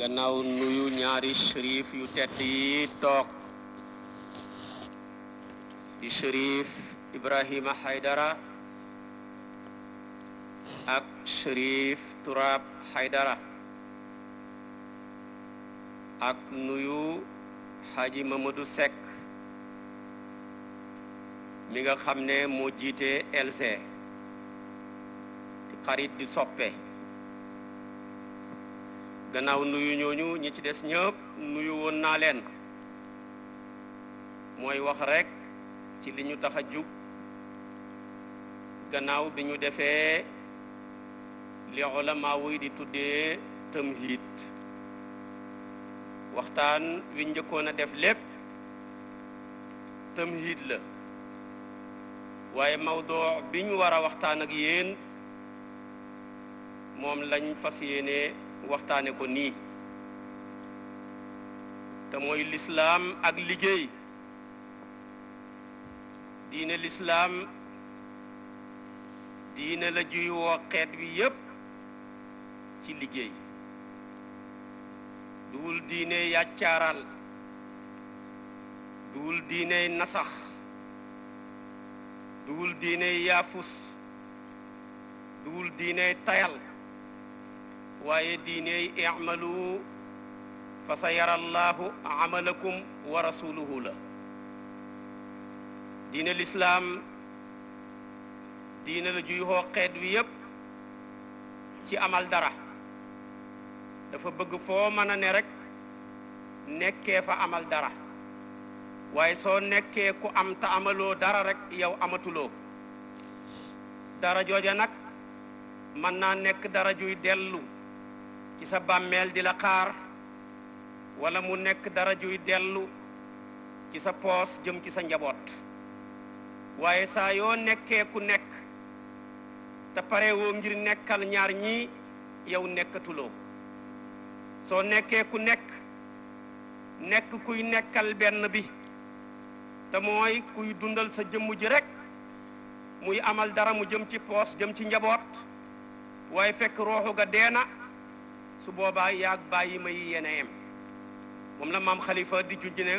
gannaaw nuyu ñaari shérif yu tedd yi toog di shérif Ibrahima Haydara ak shérif Turaab Haydara ak nuyu Xaaji Mamadou Seck mi nga xam ne moo jiite LC di xarit di soppe gannaaw nuyu ñooñu ñi ci des ñëpp nuyu woon naa leen mooy wax rekk ci li ñu tax a jug gannaaw bi ñu defee li ulama wuy di tuddee tamhiid waxtaan wi njëkkoon a def lépp tëm tamhiid la waaye mawdoo bi ñu war a waxtaan ak yéen moom lañ fas yéenee waxtaane ko nii te mooy lislaam ak liggéey diine lislaam diine la juy woo xeet wi yépp ci liggéey duwul diine yàccaaral duwul diiney nasax duwul diiney yaafus duwul diiney tayal waaye diiney i'malu fa sa yara llaahu amalakum wa rasuluhu la diine lislaam diine la juy xoo xeet wi yépp ci amal dara dafa bëgg foo mën a ne rekk nekke fa amal dara waaye soo nekkee ku am te amaloo dara rek yow amatuloo dara jooja nag mën naa nekk dara juy dellu ci sa bàmmeel di la xaar wala mu nekk dara juy dellu ci sa poos jëm ci sa njaboot waaye saa yoo nekkee ku nekk te parewoo ngir nekkal ñaar ñi yow nekkatuloo soo nekkee ku nekk nekk kuy nekkal benn bi te mooy kuy dundal sa jëmm ji rekk muy amal dara mu jëm ci poos jëm ci njaboot waaye fekk rooxu ga deena su boobaa yaag bàyyi may yi yene moom la maam xalifa di junj ne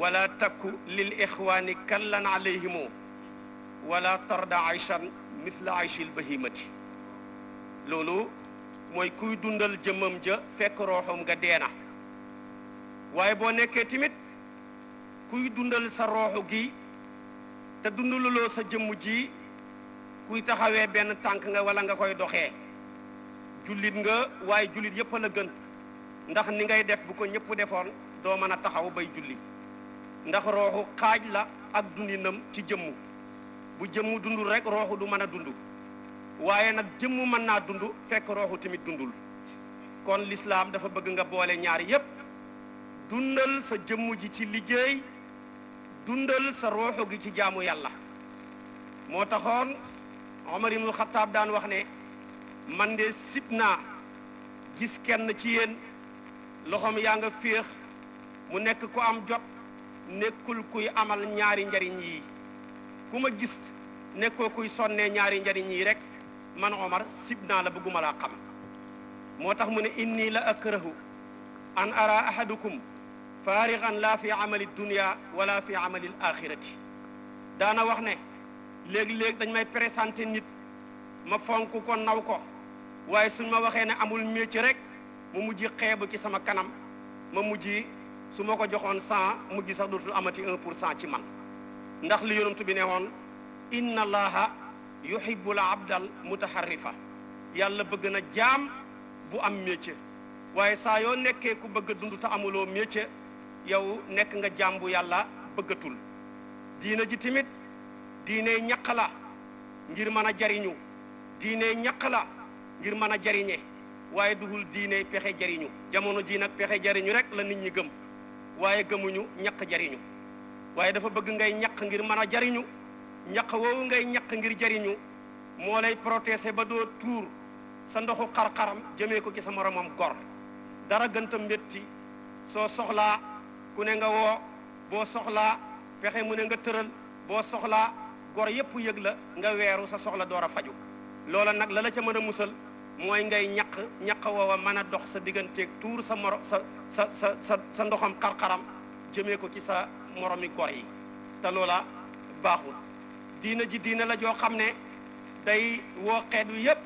wala takku lil ixwaani kallan alayhimu wala tarda ayshan mithla ba bahimati loolu mooy kuy dundal jëmmam ja fekk rooxam nga deena waaye boo nekkee tamit kuy dundal sa rooxu gi te dundaluloo sa jëmm ji kuy taxawee benn tànk nga wala nga koy doxee jullit nga waaye jullit yépp a gën ndax ni ngay def bu ko ñëpp defoon doo mën a taxaw bay julli ndax rooxu xaaj la ak dundinam ci jëmm bu jëmm dundul rek rooxu du mën a dund waaye nag jëmm mën naa dund fekk rooxu tamit dundul kon lislaam dafa bëgg nga boole ñaar yépp dundal sa jëmm ji ci liggéey dundal sa rooxu gi ci jaamu yàlla moo taxoon Omar ibnul Xataab daan wax ne man de sib naa gis kenn ci yéen loxoom yaa nga féex mu nekk ko am jot nekkul kuy amal ñaari njariñ yi ku ma gis nekkoo kuy sonne ñaari njariñ yi rek man Omar sib naa la bëgguma laa xam moo tax mu ne inni la akrahu an ara ahadukum faarigan laa fi amali dunia wala fi amali axirati daana wax ne léegi léeg dañ may présenté nit ma fonk ko naw ko waaye suñ ma waxee ne amul métier rek mu mujj xeebu ci sama kanam ma mujj su ma ko joxoon cent mujj sax dootul amati un pour cent ci man ndax li yonent bi ne woon inna allaha yuhibbul abdal mutaharrifa yàlla bëgg na jaam bu am métier waaye saa yoo nekkee ku bëgg a dund amuloo métier yow nekk nga jaam bu yàlla bëggatul diina ji tamit diine ñaq la ngir mën a jariñu diine ñaq la ngir mën a jariñe waaye duhul diine pexe jariñu jamono ji nag pexe jariñu rek la nit ñi gëm waaye gëmuñu ñaq jariñu waaye dafa bëgg ngay ñaq ngir mën a jariñu ñaq woowu ngay ñaq ngir jariñu moo lay protéger ba doo tuur sa ndoxu xar-xaram jëmee ko ki sa moromam gor dara gënta métti soo soxlaa ku ne nga woo boo soxlaa pexe mu ne nga tëral boo soxlaa gor yépp yëg la nga weeru sa soxla door a faju loola nag la la ca mën a musal mooy ngay ñaq ñaq woowa mën a dox sa digganteeg tuur sa moro sa sa sa sa sa ndoxam xar-xaram jëmee ko ci sa moromi gor yi te loola baaxul diina ji diina la joo xam ne day woo xeet wi yépp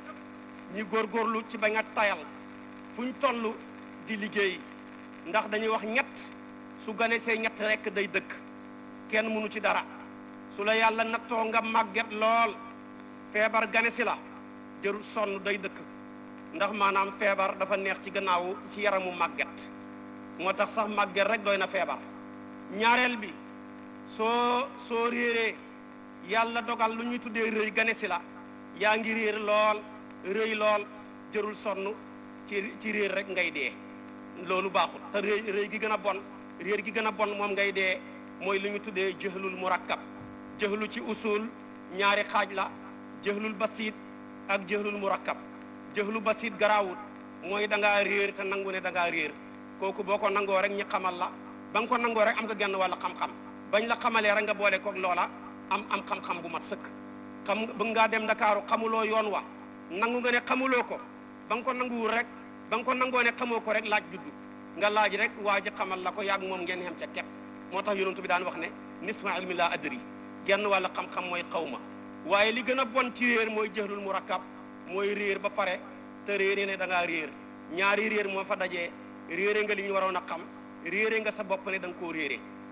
ñi góorgóorlu ci ba nga tayal fu ñu toll di liggéey ndax dañuy wax ñett su gane see ñett rekk day dëkk kenn mënu ci dara su la yàlla nattoo nga màgget lool feebar gane si la jërul sonn day dëkk ndax maanaam feebar dafa neex ci gannaaw ci yaramu màgget moo tax sax màgget rek doy na feebar ñaareel bi soo soo réeree yàlla dogal lu ñuy tuddee rëy gane si la yaa ngi réer lool rëy lool jërul sonn ci réer rek ngay dee loolu baaxul te réy réy gi gën a bon réer gi gën a bon moom ngay dee mooy lu ñu tuddee jëhlul murakkab jëhlu ci usul ñaari xaaj la jëhlul basiit ak jëhlul murakkab jëxlu basit garaawut mooy da ngaa réer te nangu ne da ngaa réer kooku boo ko nangoo rek ñi xamal la ba ko nangoo rek am nga genn wàll xam-xam bañ la xamalee rek nga boole koog loola am am xam-xam bu mat sëkk xam bëgg ngaa dem ndakaaru xamuloo yoon wa nangu nga ne xamuloo ko ba nga ko rek ba ko nangoo ne xamoo ko rek laaj juddu nga laaj rek waa ji xamal la ko yàgg moom ngeen xam ca moo tax yonent bi daan wax ne nisma ilmi laa adri genn wàll xam-xam mooy xaw ma waaye li gën a bon ci réer mooy jëhlul murakkab mooy réer ba pare te réere ne da ngaa réer ñaari réer moo fa daje réere nga li ñu waroon a xam réere nga sa bopp ne da nga koo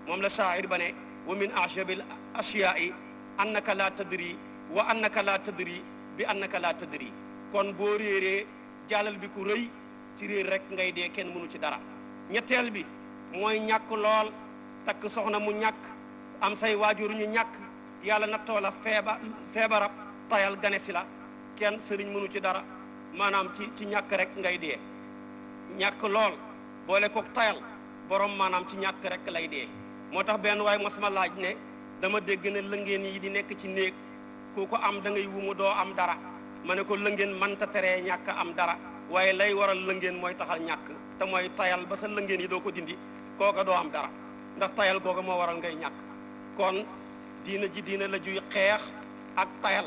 moom la shaa'ir ba ne wa min ajabil ashyaa'i annaka laa tadri wa annaka laa tadri bi annaka laa tadri kon boo réeree jàllal bi ku rëy si réer rek ngay dee kenn mënu ci dara ñetteel bi mooy ñàkk lool takk soxna mu ñàkk am say waajur ñu ñàkk yàlla na toola feebar feebarab tayal gane la kenn sëriñ mënu ci dara maanaam ci ci ñàkk rek ngay dee ñàkk lool boole kook tayal borom maanaam ci ñàkk rek lay dee moo tax benn waaye mos sama laaj ne dama dégg ne lëngeen yi di nekk ci néeg kooku am da ngay wumu doo am dara ma ne ko lëngeen mënta teree ñàkk am dara waaye lay waral lëngeen mooy taxal ñàkk te mooy tayal ba sa lëngeen yi doo ko dindi kooka doo am dara ndax tayal googa moo waral ngay ñàkk kon diina ji diina la juy xeex ak tayal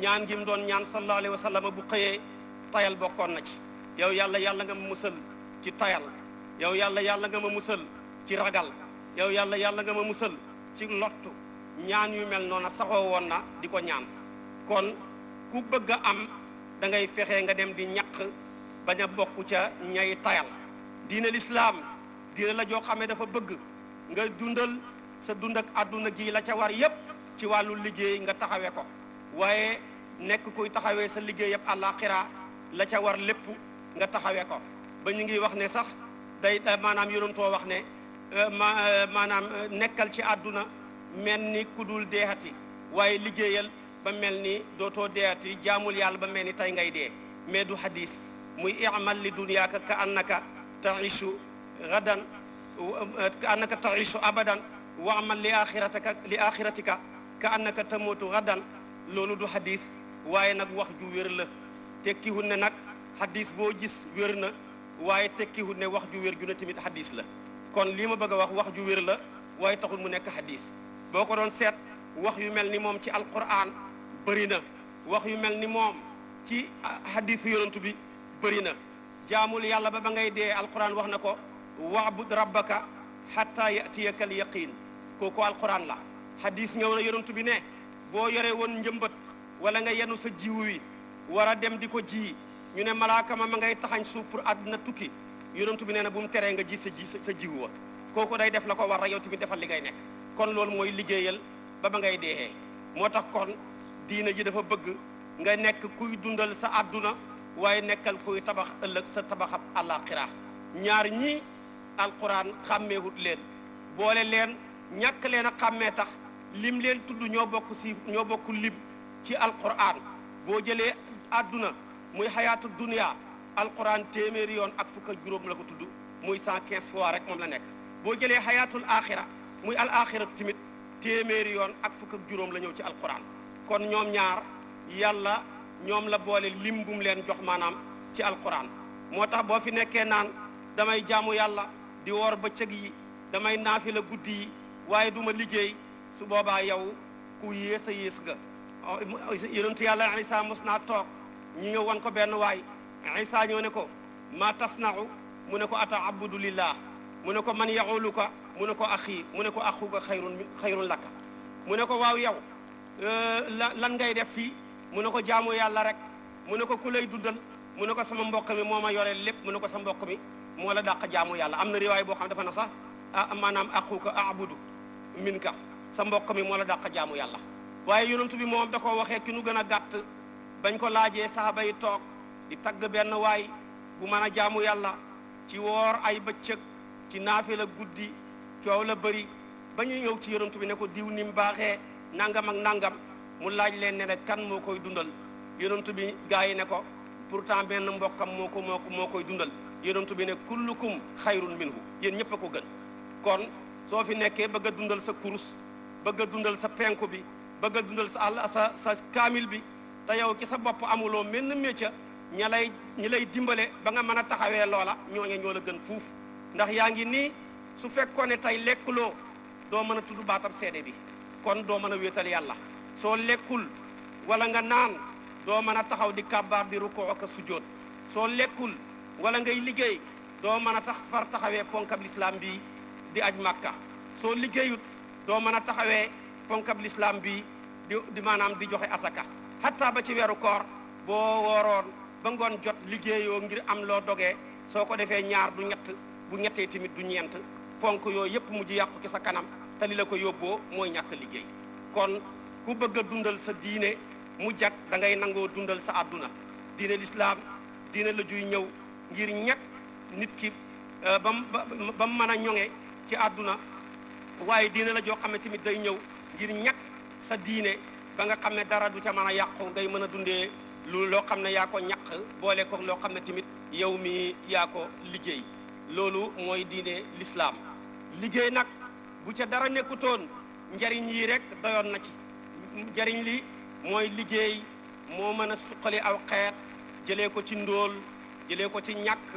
ñaan gi mu doon ñaan sallallahu alayhi wa sallam bu xëyee tayal bokkoon na ci yow yàlla yàlla nga ma musal ci tayal yow yàlla yàlla nga ma musal ci ragal yow yàlla yàlla nga ma musal ci lottu ñaan yu mel noona saxoo woon na di ko ñaan kon ku bëgg a am dangay fexe nga dem di ñaq bañ a bokk ca ñay tayal diine lislaam diine la joo xamee dafa bëgg nga dundal sa dund ak àdduna gi la ca war yépp ci wàllu liggéey nga taxawee ko waaye nekk koy taxawee sa liggéey yëpp àllaaxira la ca war lépp nga taxawee ko ba ñu ngi wax ne sax day maanaam yonantoo wax ne euh, ma euh, maanaam euh, nekkal ci àdduna mel ni ku dul deexati waaye liggéeyal ba mel ni dootoo deexati jaamul yàlla ba mel ni tey ngay dee mais du hadis muy imal li dunyaaka ka annaka taishu gadan ka annaka taishu abadan wa amal li axiratika li axiratika ka annaka tamuutu loolu du xadis waaye nag wax ju wér la tekkiwut ne nag xadis boo gis wér na waaye tekkiwut ne wax ju wér ju ne tamit xadis la kon lii ma bëgg a wax wax ju wér la waaye taxul mu nekk xadis boo ko doon seet wax yu mel ni moom ci alquran bëri na wax yu mel ni moom ci xadisu yonantu bi bëri na jaamul yàlla ba ba ngay dee alquran wax na ko wax bu wabud rabbaka xatta yatiyaka al yaqin kooku alquran la xadis ñëw na yonantu bi ne boo yore woon njëmbat wala nga yenu sa jiw wi war a dem di ko ji ñu ne malaakama ma ngay taxañ suuf pour àdduna tukki yonentu bi nee na bu mu teree nga ji sa ji sa jiwu wa kooku day def la ko war rek yow tamit defal li ngay nekk kon loolu mooy liggéeyal ba ba ngay deexee moo tax kon diina ji dafa bëgg nga nekk kuy dundal sa àdduna waaye nekkal kuy tabax ëllëg sa tabaxab àllaaxira ñaar ñii alquran xàmmeewut leen boole leen ñàkk leen a xàmmee tax lim leen tudd ñoo bokk si ñoo bokk lib ci alquran boo jëlee àdduna muy xayaatu dunia alquran téeméeri yoon ak fukk juróom la ko tudd muy 115 fois rek moom la nekk boo jëlee xayaatul axira muy al axira tamit téeméeri yoon ak fukk juróom la ñëw ci alquran kon ñoom ñaar yàlla ñoom la boole lim bu leen jox maanaam ci alquran moo tax boo fi nekkee naan damay jaamu yàlla di wor ba bëccëg yi damay la guddi yi waaye duma liggéey su boobaa yow ku yées a yées nga yonentu yàlla isa mos naa toog ñu ñëw wan ko benn waay isa ñoo ne ko ma tasnahu mu ne ko a abudu lillah mu ne ko man yaxuluka mu ne ko axi mu ne ko axuka xayrun xayrun lakka mu ne ko waaw yow lan ngay def fii mu ne ko jaamu yàlla rek mu ne ko ku lay dundal mu ne ko sama mbokk mi moo ma yore lépp mu ne ko sa mbokk mi moo la dàq jaamu yàlla am na riwaay boo xam dafa na sax ah maanaam axuka abudu minka sa mbokk mi moo la dàq jaamu yàlla waaye yonent bi moom da koo waxee ki nu gën a gàtt bañ ko laajee saaba yi toog di tagg benn waay bu mën a jaamu yàlla ci woor ay bëccëg ci naafi la guddi coow la bëri ba ñu ñëw ci yonent bi ne ko diw ni mu baaxee nangam ak nangam mu laaj leen ne rek kan moo koy dundal yonent bi gaa yi ne ko pourtant benn mbokkam moo ko moo moo koy dundal yonent bi ne kullukum xayrun minhu yéen ñëpp a ko gën kon soo fi nekkee bëgg a dundal sa kurus bëgg dundal sa penku bi bëgg a dundal sa àll sa sa kaamil bi te yow ci sa bopp amuloo menn métier ña lay ñi lay dimbale ba nga mën a taxawee loola ñooñu ñoo la gën fuuf ndax yaa ngi nii su fekkoon ne tey lekkuloo doo mën a tudd baatam seede bi kon doo mën a wéetal yàlla soo lekkul wala nga naan doo mën a taxaw di kàbbaar di rukkoo ak a sujjóot soo lekkul wala ngay liggéey doo mën a tax far taxawee ponkab lislaam bi di aj màkka soo liggéeyut doo mën a taxawee ponk ponkab lislaam bi di di di joxe asaka xatta ba ci weeru koor boo wooroon ba ngoon jot liggéeyoo ngir am loo dogee soo ko defee ñaar du ñett bu ñettee tamit du ñeent ponk yooyu yëpp mujj yàqu ci sa kanam te li la ko yóbboo mooy ñàkk liggéey kon ku bëgg a dundal sa diine mu jag da ngay nangoo dundal sa àdduna diine lislaam diine la juy ñëw ngir ñàkk nit ki euh, ba mu ba mu mën a ñoŋe ci àdduna waaye diine la joo xam ne tamit day ñëw ngir ñakk sa diine ba nga xam ne dara du ca mën a yàqu ngay mën a dundee lu loo xam ne yaa ko ñàq boole ko loo xam ne tamit yow mi yaa ko liggéey loolu mooy diine lislaam liggéey nag bu ca dara nekkutoon njariñ yi rek doyoon na ci njariñ li mooy liggéey moo mën a suqali aw xeet jëlee ko ci ndóol jëlee ko ci ñàkk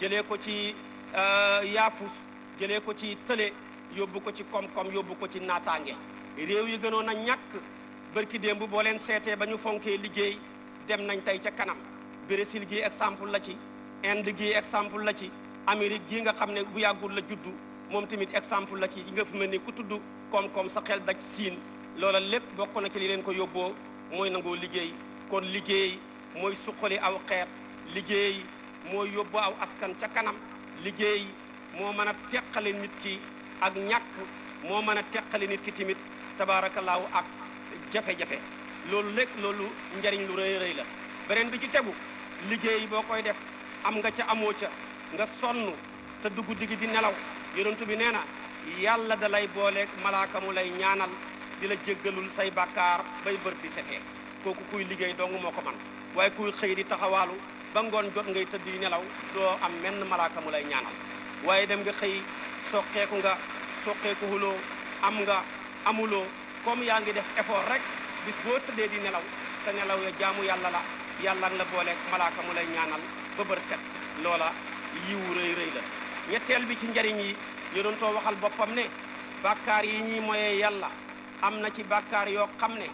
jëlee ko ci euh, yaafus jëlee ko ci tële yóbbu ko ci koom-koom yóbbu ko ci naataange réew yi gënoon a ñàkk bërki démb boo leen seetee ba ñu fonkee liggéey dem nañ tey ca kanam Brésil gi exemple la ci Inde gi exemple la ci Amérique gi nga xam ne bu yàggul la juddu moom tamit exemple la ci nga fi mel ni ku tudd koom-koom sa xel daj siin loola lépp bokk na ci li leen ko yóbboo mooy nangoo liggéey kon liggéey mooy suqali aw xeet liggéey moo yóbbu aw askan ca kanam liggéey moo mën a teqale nit ki ak ñàkk moo mën a teqali nit ki tamit tabaarakallaahu ak jafe-jafe loolu lépp loolu njariñ lu rëy rëy la beneen bi ci tegu liggéey boo koy def am nga ca amoo ca nga sonn te dugg digg di nelaw yonentu bi nee na yàlla da lay booleeg malaaka mu lay ñaanal di la jéggalul say bàkkaar bay bër bi setee kooku kuy liggéey dong moo ko man waaye kuy xëy di taxawaalu ba ngoon jot ngay tëdd yi nelaw doo am menn malaaka mu lay ñaanal waaye dem nga xëy soqeeku nga soqeeku huloo am nga amuloo comme yaa ngi def effort rek bis boo tëddee di nelaw sa nelaw ya jaamu yàlla la yàlla nga la booleeg malaaka mu lay ñaanal ba set loola yiwu rëy rëy la ñetteel bi ci njariñ yi yonentoo waxal boppam ne bakkaar yi ñuy moyee yàlla am na ci bàkkaar yoo xam ne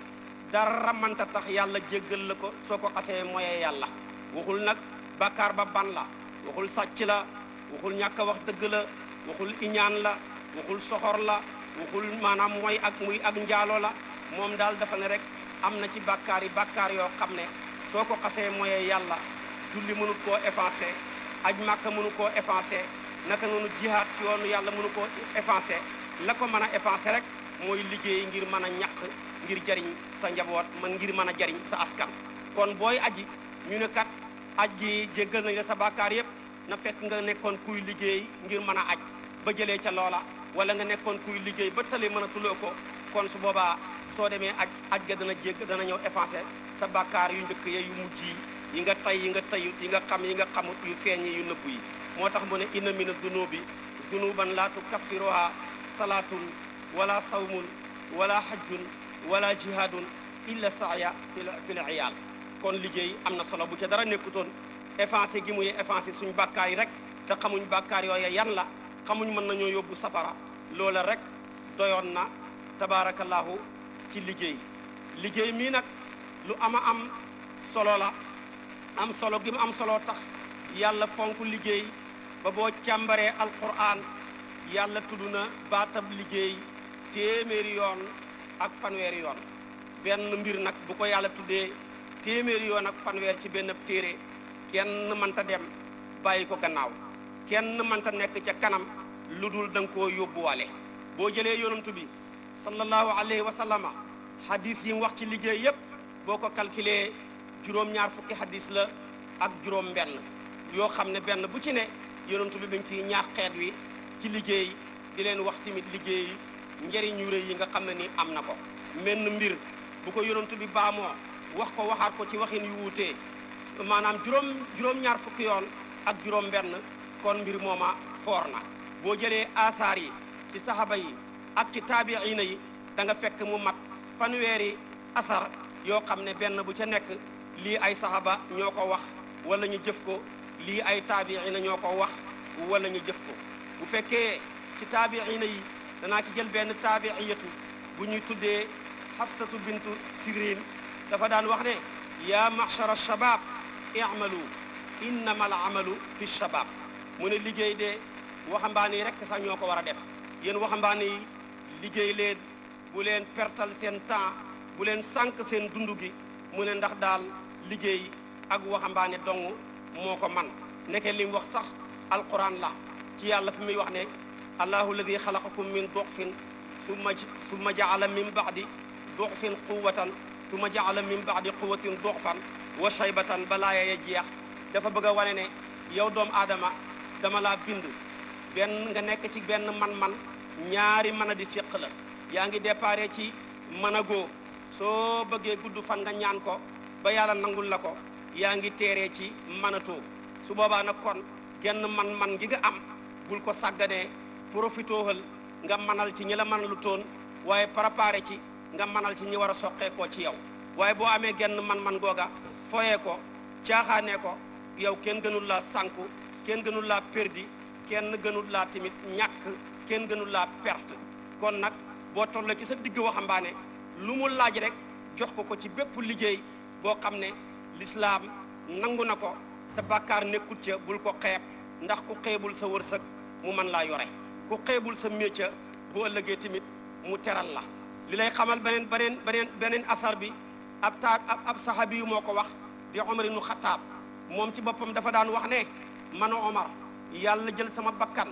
dara mënta tax yàlla jéggal la ko soo ko xasee moyee yàlla waxul nag bàkkaar ba ban la waxul sàcc la waxul ñàkk wax dëgg la waxul iñaan la waxul soxor la waxul maanaam mooy ak muy ak njaalo la moom daal dafa ne rek am na ci bàkkaar yi bàkkaar yoo xam ne soo ko xasee mooyee yàlla julli mënut koo effacé aj màkka mënu koo effacé naka noonu jihaat ci yoonu yàlla mënu koo effacé la ko mën a effacé rek mooy liggéey ngir mën a ñaq ngir jariñ sa njaboot man ngir mën a jariñ sa askan kon booy aji ñu ne kat aj gi jéggal nañ sa bàkkaar yépp na fekk nga nekkoon kuy liggéey ngir mën a aj ba jëlee ca loola wala nga nekkoon kuy liggéey ba tali manatuloo ko kon su boobaa soo demee aj aj ga dana jégg dana ñëw effacé sa bakkaar yu njëkk ya yu mujj yi yi nga tey yi nga tayut yi nga xam yi nga xamut yu feeñ yu nëbb yi moo tax mu ne inna mina dunubi dunuban laa tukaffiruha salaatun wala sawmun wala hajjun wala jihaadun illa saaya fi l iyaal kon liggéey am na solo bu ca dara nekkutoon effacé gi muy effacé suñ bàkkaar yi rek te xamuñ bakkaar yooya yan la xamuñ mën nañoo yóbbu safara loole rek doyoon na tabaarakallaahu ci liggéey liggéey mii nag lu ama am solo la am solo gi mu am solo tax yàlla fonk liggéey ba boo càmbaree alquran yàlla tudd na baatab liggéey téeméeri yoon ak fanweeri yoon benn mbir nag bu ko yàlla tuddee téeméeri yoon ak fanweer ci benn téere kenn mënta dem bàyyi ko gannaaw kenn manta nekk ca kanam lu dul da nga koo yóbbuwaale boo jëlee yonantu bi sallallahu alayhi wa sallama hadith yi wax ci liggéey yépp boo ko calculé juróom-ñaar fukki hadith la ak juróom benn yoo xam ne benn bu ci ne yonantu bi mi ngi ciy ñaax xeet wi ci liggéey di wax tamit liggéey njëriñ yu rëy yi nga xam ne ni am na ko menn mbir bu ko yonantu bi baamoo wax ko waxaat ko ci waxin yu wuutee maanaam juróom juróom-ñaar fukki yoon ak juróom benn kon mbir mooma foor na boo jëlee asaar yi ci saxaba yi ak ci taabiina yi da nga fekk mu mat fanweeri asar yoo xam ne benn bu ca nekk lii ay saxaba ñoo ko wax wala ñu jëf ko lii ay taabiina ñoo ko wax wala ñu jëf ko bu fekkee ci taabiina yi danaa ci jël benn taabiiyatu bu ñuy tuddee xafsatu bintu sirin dafa daan wax ne yaa machara shabaab i'malu innama al amalu fi shabaab mu ne liggéey de waxambaane yi rekk sax ñoo ko war a def yéen waxambaane yi liggéey leen bu leen pertal seen temps bu leen sànq seen dund gi mu ne ndax daal liggéey ak waxambaane dong moo ko man nekke li mu wax sax alquran la ci yàlla fu muy wax ne allahu alladi xalaqakum min doxfin summa summa jaala min baadi doxfin quwatan summa jaala min baadi quwatin doxfan wa shaybatan ba laaya ya jeex dafa bëgg a wane ne yow doomu aadama dama laa bind benn nga nekk ci benn man-man ñaari mën a di séq la yaa ngi déparé ci mën a goo soo bëggee gudd fan nga ñaan ko ba yàlla nangul la ko yaa ngi teeree ci manatoo su boobaa na kon genn man-man gi am bul ko sàgganee profitooxal nga manal ci ñi la mën lu toon waaye préparé ci nga manal ci ñi war a soqee ko ci yow waaye boo amee genn man-man googa foye ko caaxaanee ko yow kenn gënul la sànku kenn gënul laa perdi kenn gënul laa tamit ñàkk kenn gënul laa perte kon nag boo toll ci sa digg waxambaane lu mu laaj rek jox ko ko ci bépp liggéey boo xam ne lislaam nangu na ko te bàkkaar nekkut ca bul ko xeeb ndax ku xeebul sa wërsëg mu mën laa yore ku xeebul sa métier bu ëllëgee tamit mu teral la li lay xamal beneen beneen beneen beneen asar bi ab taa ab saxaabi moo ko wax di Omar ibnu Xataab moom ci boppam dafa daan wax ne man Omar yàlla jël sama bakkan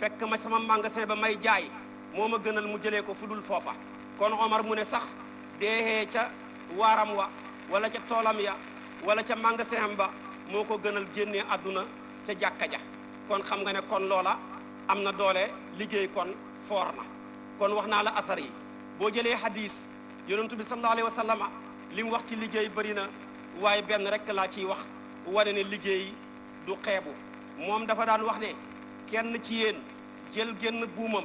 fekk ma sama magasin ba may jaay moo ma gënal mu jëlee ko fu dul foofa kon Omar mu ne sax deexee ca waaram wa wala ca toolam ya wala ca magasin ba moo ko gënal génnee àdduna ca jàkka ja kon xam nga ne kon loola am na doole liggéey kon foor na kon wax naa la asar yi boo jëlee hadis yonentu bi sallallahu alayhi wa sallama li mu wax ci liggéey bari na waaye benn rek laa ciy wax wane ne liggéey du xeebu moom dafa daan wax ne kenn ci yéen jël génn buumam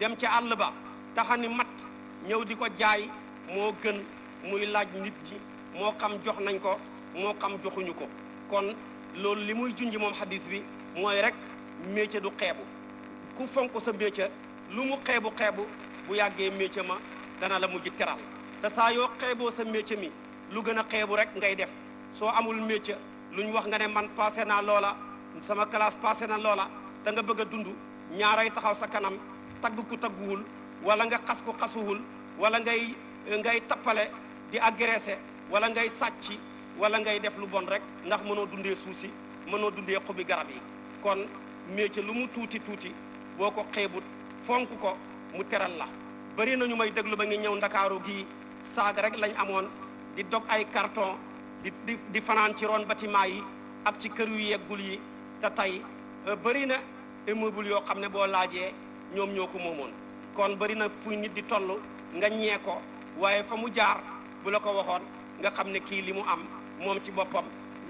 dem ca àll ba taxani mat ñëw di ko jaay moo gën muy laaj nit ji moo xam jox nañ ko moo xam joxuñu ko kon loolu li muy junj moom xadis bi mooy rek métier du xeebu ku fonk sa métier lu mu xeebu xeebu bu yàggee métier ma dana la mujj teral te saa yoo xeeboo sa métier mi lu gën a xeebu rek ngay def soo amul métier lu ñu wax nga ne man passé naa loola sama classe passé na loola da nga bëgg a dund ñaaray taxaw sa kanam tagg ku tagguwul wala nga xas ku xasuwul wala ngay ngay tappale di agressé wala ngay sàcc wala ngay def lu bon rek ndax mënoo dundee suuf si mënoo dundee xobi garab yi kon métier lu mu tuuti tuuti boo ko xeebut fonk ko mu teral la bëri nañu may déglu ba ngi ñëw ndakaaru gi saaga rek lañu amoon di dog ay karton di di di fanaan ci roon bâtiment yi ak ci kër yu yeggul yi te tey euh, bëri na immeuble yoo xam ne boo laajee ñoom ñoo ko moomoon kon bëri na fu nit di toll nga ñee ko waaye fa mu jaar bu la ko waxoon nga xam ne kii li mu am moom ci boppam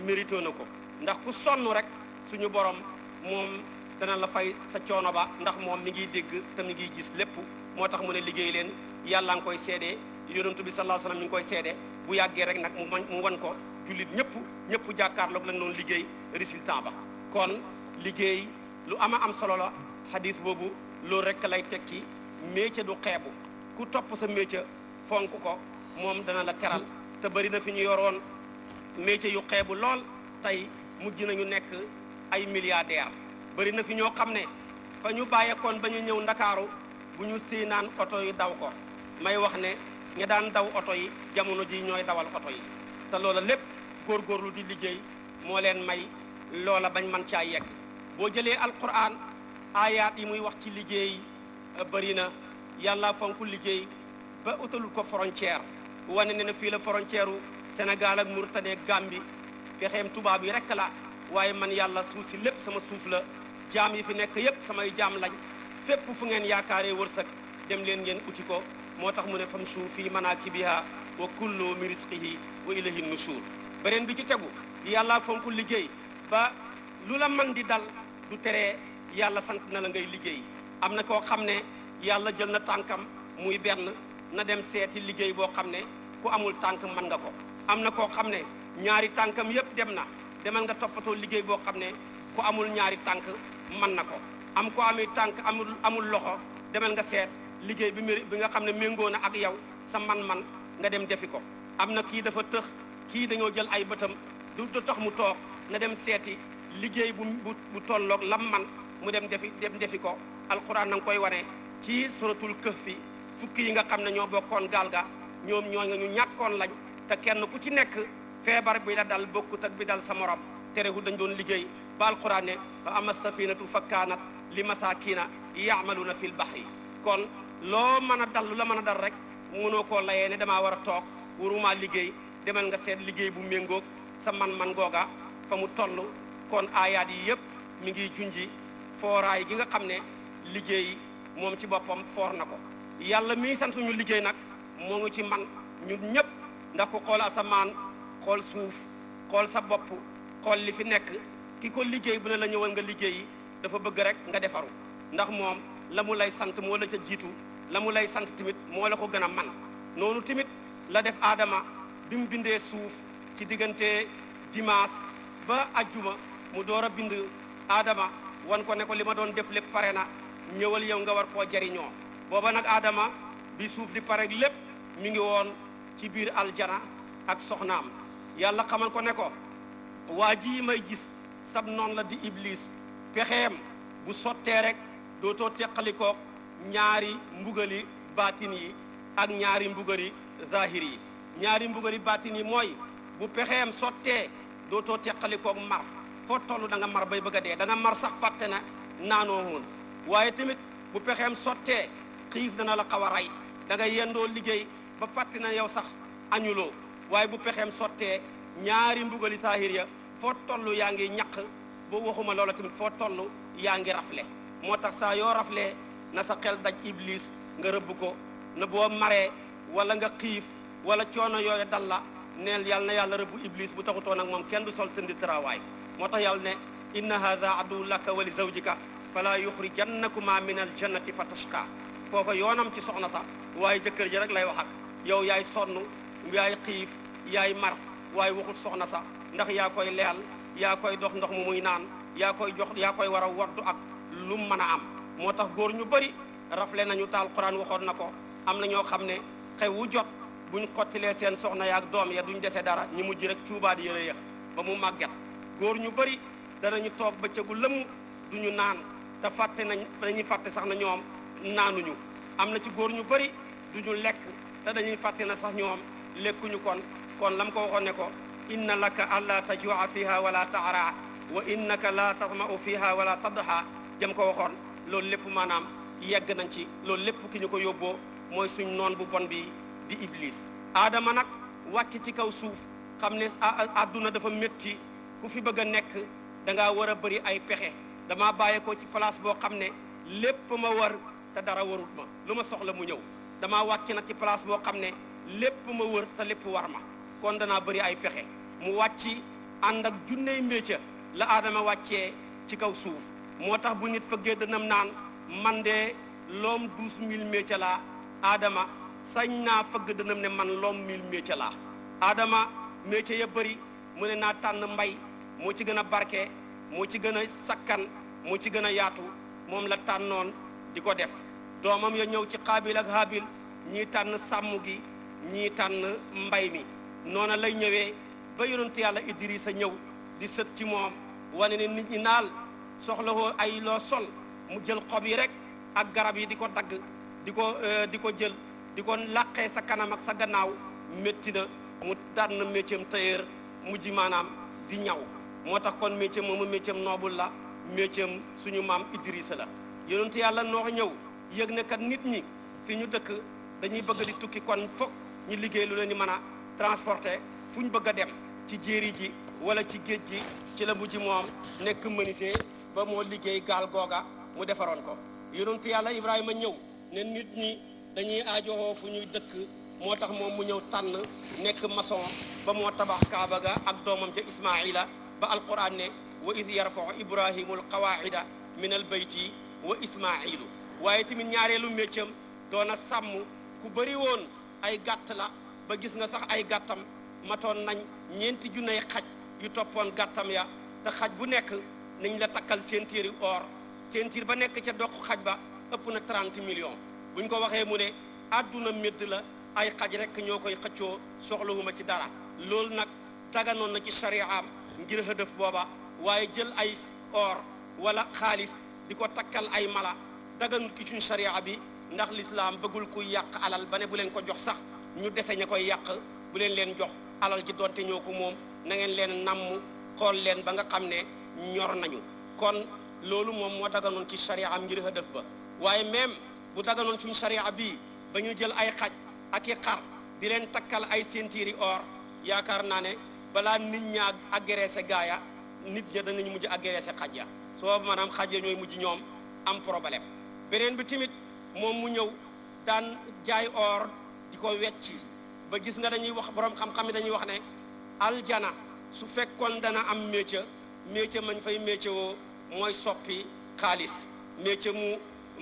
mérito na ko ndax ku sonn rek suñu borom moom dana la fay sa coono ba ndax moom mi ngiy dégg te mi ngiy gis lépp moo tax mu ne liggéey leen yàlla nga koy seedee yonentu bi sallallahu alayhi wasallam mi ngi koy seede bu yàggee rek nag mu mu wan ko jullit ñëpp ñëpp jàkkaarloog lañ doon liggéey résultat ba kon liggéey lu ama am solo la xadis boobu loolu rek lay tekki métier du xeebu ku topp sa métier fonk ko moom dana la teral te bëri na fi ñu yoroon métier yu xeebu lool tey mujj nañu nekk ay milliardaire bëri na fi ñoo xam ne fa ñu bàyyeekoon ba ñu ñëw ndakaaru bu ñu séenaan oto yu daw ko may wax ne ñi daan daw oto yi jamono ji ñooy dawal oto yi te loola lépp góor góorlu di liggéey moo leen may loola bañ man caa yegg boo jëlee alquran aayaat yi muy wax ci liggéey eh, bëri na yàlla fonk liggéey ba utalul ko frontière wane ne ne fii la frontière u Sénégal ak Mauritanie Gambie fexeem tubaab yi rekk la waaye man yàlla suuf si lépp sama suuf la jaam yi fi nekk yépp samay jaam lañ fépp fu ngeen yaakaaree wërsëg dem leen ngeen uti ko moo tax mu ne famshu fi manakibiha wa kullu min risqihi wa mu nushur beneen bi ci tegu yàlla fonk liggéey ba lu la man di dal du teree yàlla sant na la ngay liggéey am na koo xam ne yàlla jël na tànkam muy benn na dem seeti liggéey boo xam ne ku amul tànk mën nga ko am na koo xam ne ñaari tànkam yépp dem na demal nga toppatoo liggéey boo xam ne ku amul ñaari tànk mën na ko am ko amee tànk amul amul loxo demal nga seet liggéey bi bi nga xam ne méngoo na ak yow sa man-man nga dem defi ko am na kii dafa tëx kii dañoo jël ay bëtam du du mu toog na dem seeti liggéey bu bu tolloog lam man mu dem defi dem defi ko alquran na nga koy wane ci suratul fi fukki yi nga xam ne ñoo bokkoon gaal ga ñoom ñoo nga ñu ñàkkoon lañ te kenn ku ci nekk feebar bi la dal bokkut ak bi dal sa morom terewul dañ doon liggéey ba alquran ne fa ama safinatu fakkaanat li masakina yaamaluuna fil bahri kon loo mën a dal lu la mën a dal rek mënoo koo layee ne damaa war a toog waruma liggéey demal nga seet liggéey bu méngoog sa man-man googa fa mu toll kon aayaat yi yëpp mi ngi junji fooraay gi nga xam ne liggéey moom ci boppam foor na ko yàlla mi sant liggéey nag moo ngi ci man ñun ñëpp ndax ku xool asamaan xool suuf xool sa bopp xool li fi nekk ki ko liggéey bu ne la ñëwal nga liggéey dafa bëgg rek nga defaru ndax moom la mu lay sant moo la ca jiitu la mu lay sant tamit moo la ko gën a man noonu tamit la def aadama bi mu bindee suuf ci diggante dimaas ba ajjuma mu door a bind aadama wan ko ne ko li ma doon def lépp pare na ñëwal yow nga war koo jariñoo booba nag aadama bi suuf di pare lépp mu ngi woon ci biir aljana ak soxnaam yàlla xamal ko ne ko waa ji may gis sab noon la di iblis pexeem bu sottee rek dootoo teqalikoo ñaari mbugali baatin yi ak ñaari mbugali zahir yi ñaari mbugali baatin yi mooy bu pexeem sottee doo dootoo teqalikoog mar foo toll da nga mar bay bëgga dee da nga mar sax fatte na naanoo woon waaye tamit bu pexeem sottee xiif dana la xaw a rey da nga yendoo liggéey ba fàtte na yow sax añuloo waaye bu pexeem sottee ñaari mbugali saahir ya foo toll yaa ngi ñaq boo waxuma loola tamit foo toll yaa ngi rafle moo tax saa yoo raflee na sa xel daj iblis nga rëbb ko na boo maree walla nga xiif wala coono yooyu dal la neel yàlla na yàlla rëbb iblis bu taxutoo nag moom kenn du sol tëndi travaay moo tax yàlla ne inna haada aduw laka wa li zawjika fala yuxrijannakuma min aljannati fa tashqa foofa yoonam ci soxna sax waaye jëkkër ji rek lay wax ak yow yaay sonn yaay xiif yaay mar waaye waxul soxna sax ndax yaa koy leel yaa koy dox ndox mu muy naan yaa koy jox yaa koy war a wardu ak lu mu mën a am moo tax góor ñu bëri rafle nañu taal quran waxoon na ko am na ñoo xam ne xew wu jot buñ xottilee seen soxna yaak doom ya duñ dese dara ñi mujj rek cuubaat yëre ya ba mu màgget góor ñu bëri ñu toog ba bëccëgu lëmm duñu naan te fàtte nañ dañuy fàtte sax na ñoom naanuñu am na ci góor ñu bëri duñu lekk te dañuy fàtte na sax ñoom lekkuñu kon kon lam ko waxoon ne ko inna laka alla tajua fiha wala taara wa innaka la tadmau fiha wala tadha jëm ko waxoon loolu lépp maanaam yegg nañ ci loolu lépp ki ñu ko yóbboo mooy suñ noon bu bon bi di iblis aadama nag wàcc ci kaw suuf xam ne àdduna dafa métti ku fi bëgg a nekk da ngaa war a bëri ay pexe dama bàyyeekoo ci place boo xam ne lépp ma war te dara warut ma ma soxla mu ñëw dama wàcc nag ci place boo xam ne lépp ma wër te lépp war ma kon danaa bëri ay pexe mu wàcc ànd ak junney mbéeca la aadama wàccee ci kaw suuf moo tax bu nit fëggee dënam naan man de l'homme douze mille métiers la aadama sañ naa fëgg dënam ne man l'homme mill métiers la aadama métiers ya bëri mu ne naa tànn mbay moo ci gën a barke moo ci gën a sakkan moo ci gën a yaatu moom la tànnoon di ko def doomam ya ñëw ci xaabil ak haabil ñii tànn sàmm gi ñii tànn mbay mi noona lay ñëwee ba yonent yàlla sa ñëw di sët ci moom wane ne nit ñi naal soxlawoo ay loo sol mu jël xob yi rek ak garab yi di ko dagg di ko euh, di ko jël di ko làqee sa kanam ak sa gannaaw métti na mu daan na métier am mujj maanaam di ñaw moo tax kon métier moomu métier am noobul la métier suñu maam Idrissa la yonentu yàlla noox ñëw yëg ne kat nit ñi fi ñu dëkk dañuy bëgg di tukki kon fokk ñu liggéey lu leen di mën a transporter fu ñu bëgg a dem ci jéeri ji wala ci géej gi ci la mujj moom nekk menuisier ba moo liggéey gaal googa mu defaroon ko yonentu yàlla Ibrahima ñëw ne nit ñi dañuy aajowoo fu ñuy dëkk moo tax moom mu ñëw tànn nekk maçon ba moo tabax kaaba ga ak doomam ca Ismaila ba alquran ne wa id yarfau ibrahimu alqawaida min al bayti wa ismailu waaye tamit ñaareelu méccam doon a sàmm ku bari woon ay gàtt la ba gis nga sax ay gàttam matoon nañ ñeenti junney xaj yu toppoon gàttam ya te xaj bu nekk nañ la takkal ceinture yi or ceinture ba nekk ca doq xaj ba ëpp na 30 millions buñ ko waxee mu ne àdduna medd la ay xaj rek ñoo koy xëccoo soxlawuma ci dara loolu nag tagganoon na ci sariyaam ngir hëdëf booba waaye jël ay or wala xaalis di ko takkal ay mala daganut ci suñ bi ndax lislaam bëggul kuy yàq alal ba ne bu leen ko jox sax ñu dese ña koy yàq bu leen leen jox alal ji donte ñoo ko moom na ngeen leen namm xool leen ba nga xam ne ñor nañu kon loolu moom moo daganoon ci sharia am ngir hëdëf ba waaye même bu daganoon suñ sharia bi ba ñu jël ay xaj ak i xar di leen takkal ay ceinture or yaakaar naa ne balaa nit ñaa agressé gaaya nit ña danañ mujj agressé xaj ya su boobu maanaam xaj ya ñooy mujj ñoom am problème beneen bi tamit moom mu ñëw daan jaay or di ko wecci ba gis nga dañuy wax borom xam-xam dañuy wax ne aljana su fekkoon dana am métier métier mañ fay métier woo mooy soppi xaalis métier mu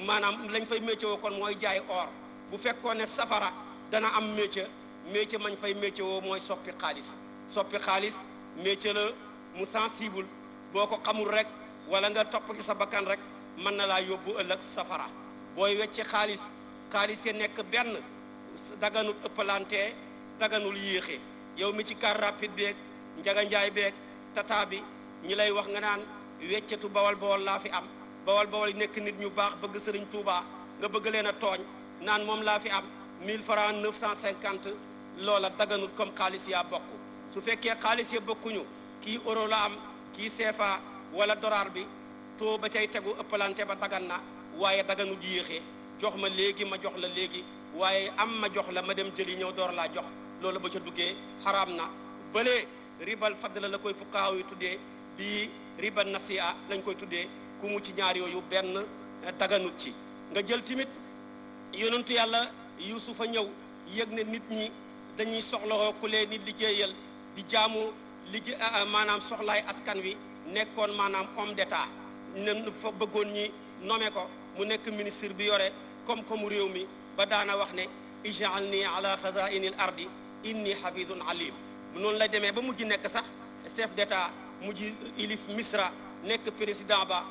maanaam lañ fay métier woo kon mooy jaay or bu fekkoon ne safara dana am métier métier mañ fay métier woo mooy soppi xaalis soppi xaalis métier la mu sensible boo ko xamul rek wala nga topp ci sa bakkan rek mën na laa yóbbu ëllëg safara booy wecci xaalis xaalis yi nekk benn daganul ëppalantee daganul yéexee yow mi ci car rapide beeg njaganjaay beeg tata bi ñi lay wax nga naan weccetu bawal bawal laa fi am bawal bawal yi nekk nit ñu baax bëgg sëriñ Touba nga bëgg leen a tooñ naan moom laa fi am 1000 francs 950 loola daganut comme xaalis yaa bokk su fekkee xaalis bokkuñu kii euro la am kii CFA wala dollar bi taux ba cay tegu ëppalante ba dagan na waaye daganut yéexee jox ma léegi ma jox la léegi waaye am ma jox la ma dem jël yi ñëw door laa jox loola ba ca duggee xaraam na bële ribal fadla la koy fukkaaw yi tuddee bii riba nasi'a lañ koy tudde ku mu ci ñaar yooyu benn daganut eh, ci nga jël tamit yonentu yàlla a ñëw yëg ne nit ñi dañuy soxlawoo ku leen di liggéeyal di jaamu liggéey eh, eh, maanaam soxlaay askan wi nekkoon maanaam homme d'état nen fa bëggoon ñi nome ko mu nekk ministre bi yore koom-koomu réew mi ba daana wax ne ij'alni ala xazaini al ardi inni xafidun alim noonu lay demee ba mujj nekk sax chef d'état mujj ilif misra nekk président ba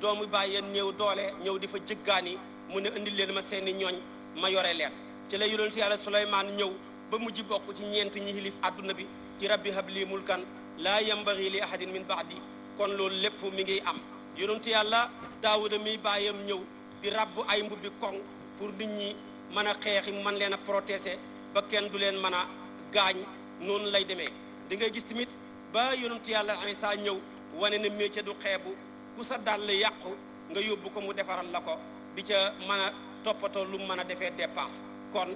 doomu bàyyi yéen ñëw doole ñëw di fa jëggaani mun ne indil leen ma seeni ñooñ ma yore leen ci la yonentu yàlla Suleymaan ñëw ba mujj bokk ci ñeent ñi ilif àdduna bi ci rabbi habli mulkan laa yambagi li ahadin min baax baadi kon loolu lépp mi ngiy am yonentu yàlla daawuda mi yam ñëw di rabb ay mbubbi koŋ pour nit ñi mën a xeexi man leen a protéger ba kenn du leen mën a gaañ noonu lay demee di nga gis tamit ba yonentu yàlla saa ñëw wane na métier du xeebu ku sa dàll yàqu nga yóbbu ko mu defaral la ko di ca mën a toppatoo lu mën a defee dépense kon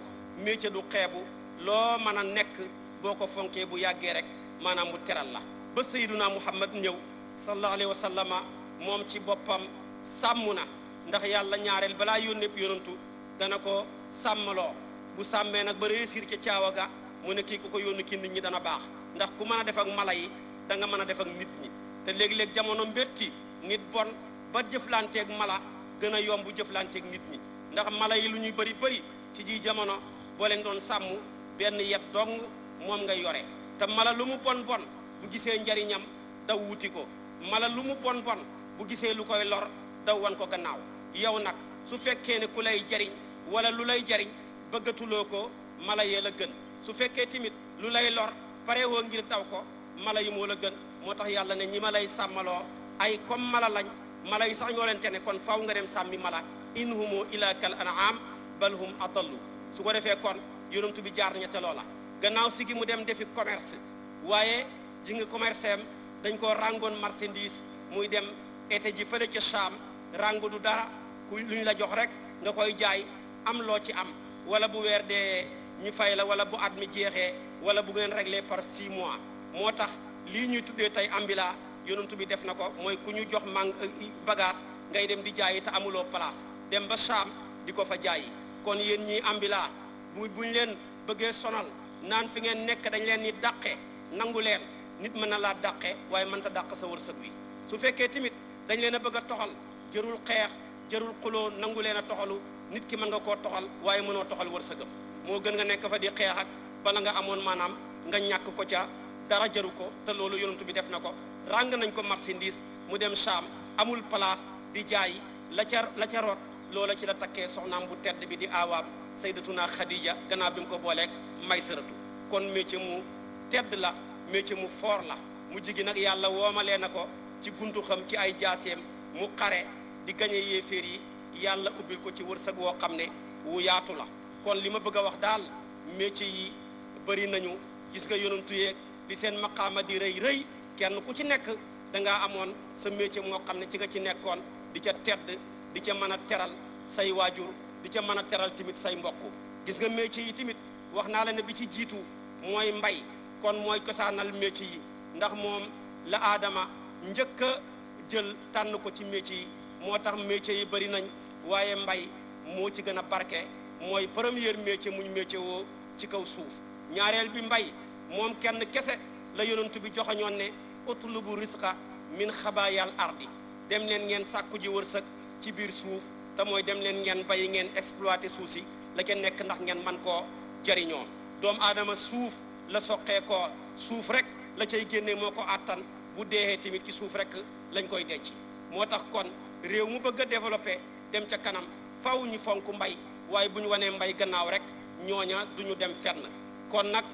métier du xeebu loo mën a nekk boo ko fonkee bu yàggee rek maanaam mu teral la ba sayyiduna muhammad ñëw sallallahu alayhi wa sallama moom ci boppam sàmm na ndax yàlla ñaareel balaa yónneeb yonantu dana ko sàmmaloo bu sàmmee nag ba réussir ca caawa ga mu ne kii ku ko yónni ki nit ñi dana baax ndax ku mën a def ak mala yi da nga mën a def nit ñi te léegi-léeg jamono mbétti nit bon ba jëflanteeg mala gën a yomb jëflanteek nit ñi ndax mala yi lu ñuy bari bëri ci ji jamono boo leen doon sàmm benn yet dong moom nga yore te mala lu mu bon bon bu gisee njariñam daw wuti ko mala lu mu bon bon bu gisee lu koy lor daw wan ko gannaaw yow nag su fekkee ne ku lay jariñ wala lu lay jariñ bëggatuloo ko mala yee la gën su fekkee tamit lu lay lor pare woo ngir daw ko mala yi moo la gën moo tax yàlla ne ñi ma lay sàmmaloo ay comme mala lañ mala yi sax ñoo leen tene kon faw nga dem sàmmi mala in humu ila kal am bal hum adallu su ko defee kon yonent bi jaar ñette loola gannaaw si gi mu dem defi commerce waaye ji nga commerce am dañ koo rangoon marchandise muy dem été ji fële ca Saam rango du dara ku lu ñu la jox rek nga koy jaay am loo ci am wala bu weer dee ñi fay la wala bu at mi jeexee wala bu ngeen réglé par six mois moo tax lii ñuy tuddee tey ambila yonent bi def na ko mooy ku ñu jox mang euh, bagage ngay dem di jaayi te amuloo place dem ba saam di ko fa jaayi kon yéen ñii ambila bu buñ leen bëggee sonal naan fi ngeen nekk dañ leen ni dàqe nangu leen nit mën na laa dàqe waaye mënta dàq sa wërsëg bi su fekkee tamit dañ leen a bëgg a toxal jërul xeex jërul xuloo nangu leen a toxalu nit ki mën nga koo toxal waaye mënoo toxal wërsëgam moo gën nga nekk fa di xeex ak bala nga amoon maanaam nga ñàkk ko ca dara jaru ko te loolu yonent bi def na ko ràng nañ ko marchandise mu dem Saam amul place di jaay la ca la ca root loola ci la takkee soxnaam bu tedd bi di aawaam saydatuna Khadija gannaaw bi mu ko booleeg may saratu kon métier mu tedd la métier mu foor la mu jigi nag yàlla woomalee na ko ci guntu xam ci ay jaaseem mu xare di gañe yéeféer yi yàlla ubbil ko ci sag woo xam ne wu yaatu la kon li ma bëgg a wax daal métier yi bëri nañu gis nga yonantu di seen maqaama di rëy rëy kenn ku ci nekk da ngaa amoon sa métier moo xam ne ci nga ci nekkoon di ca tedd di ca mën a teral say waajur di ca mën a teral tamit say mbokk gis nga métier yi tamit wax naa la ne bi ci jiitu mooy mbay kon mooy cosaanal métier yi ndax moom la aadama njëkka a jël tànn ko ci métier moo tax métier yi bëri nañ waaye mbay moo ci gën a parke mooy première métier muñ métier woo ci kaw suuf ñaareel bi mbay moom kenn kese la yonent bi joxeñoon ne utlubu risqa min xabaayal ardi dem leen ngeen sàkku ji wërsëg ci biir suuf te mooy dem leen ngeen bayi ngeen exploité suuf si la ca nekk ndax ngeen man koo jariñoo doomu aadama suuf la soqee ko suuf rek la cay génnee moo ko àttan bu deexee tamit ci suuf rek lañ koy denc moo tax kon réew mu bëgg a dem ca kanam faw ñu fonk mbay waaye bu ñu wanee mbay gannaaw rek ñooña du ñu dem fenn kon nag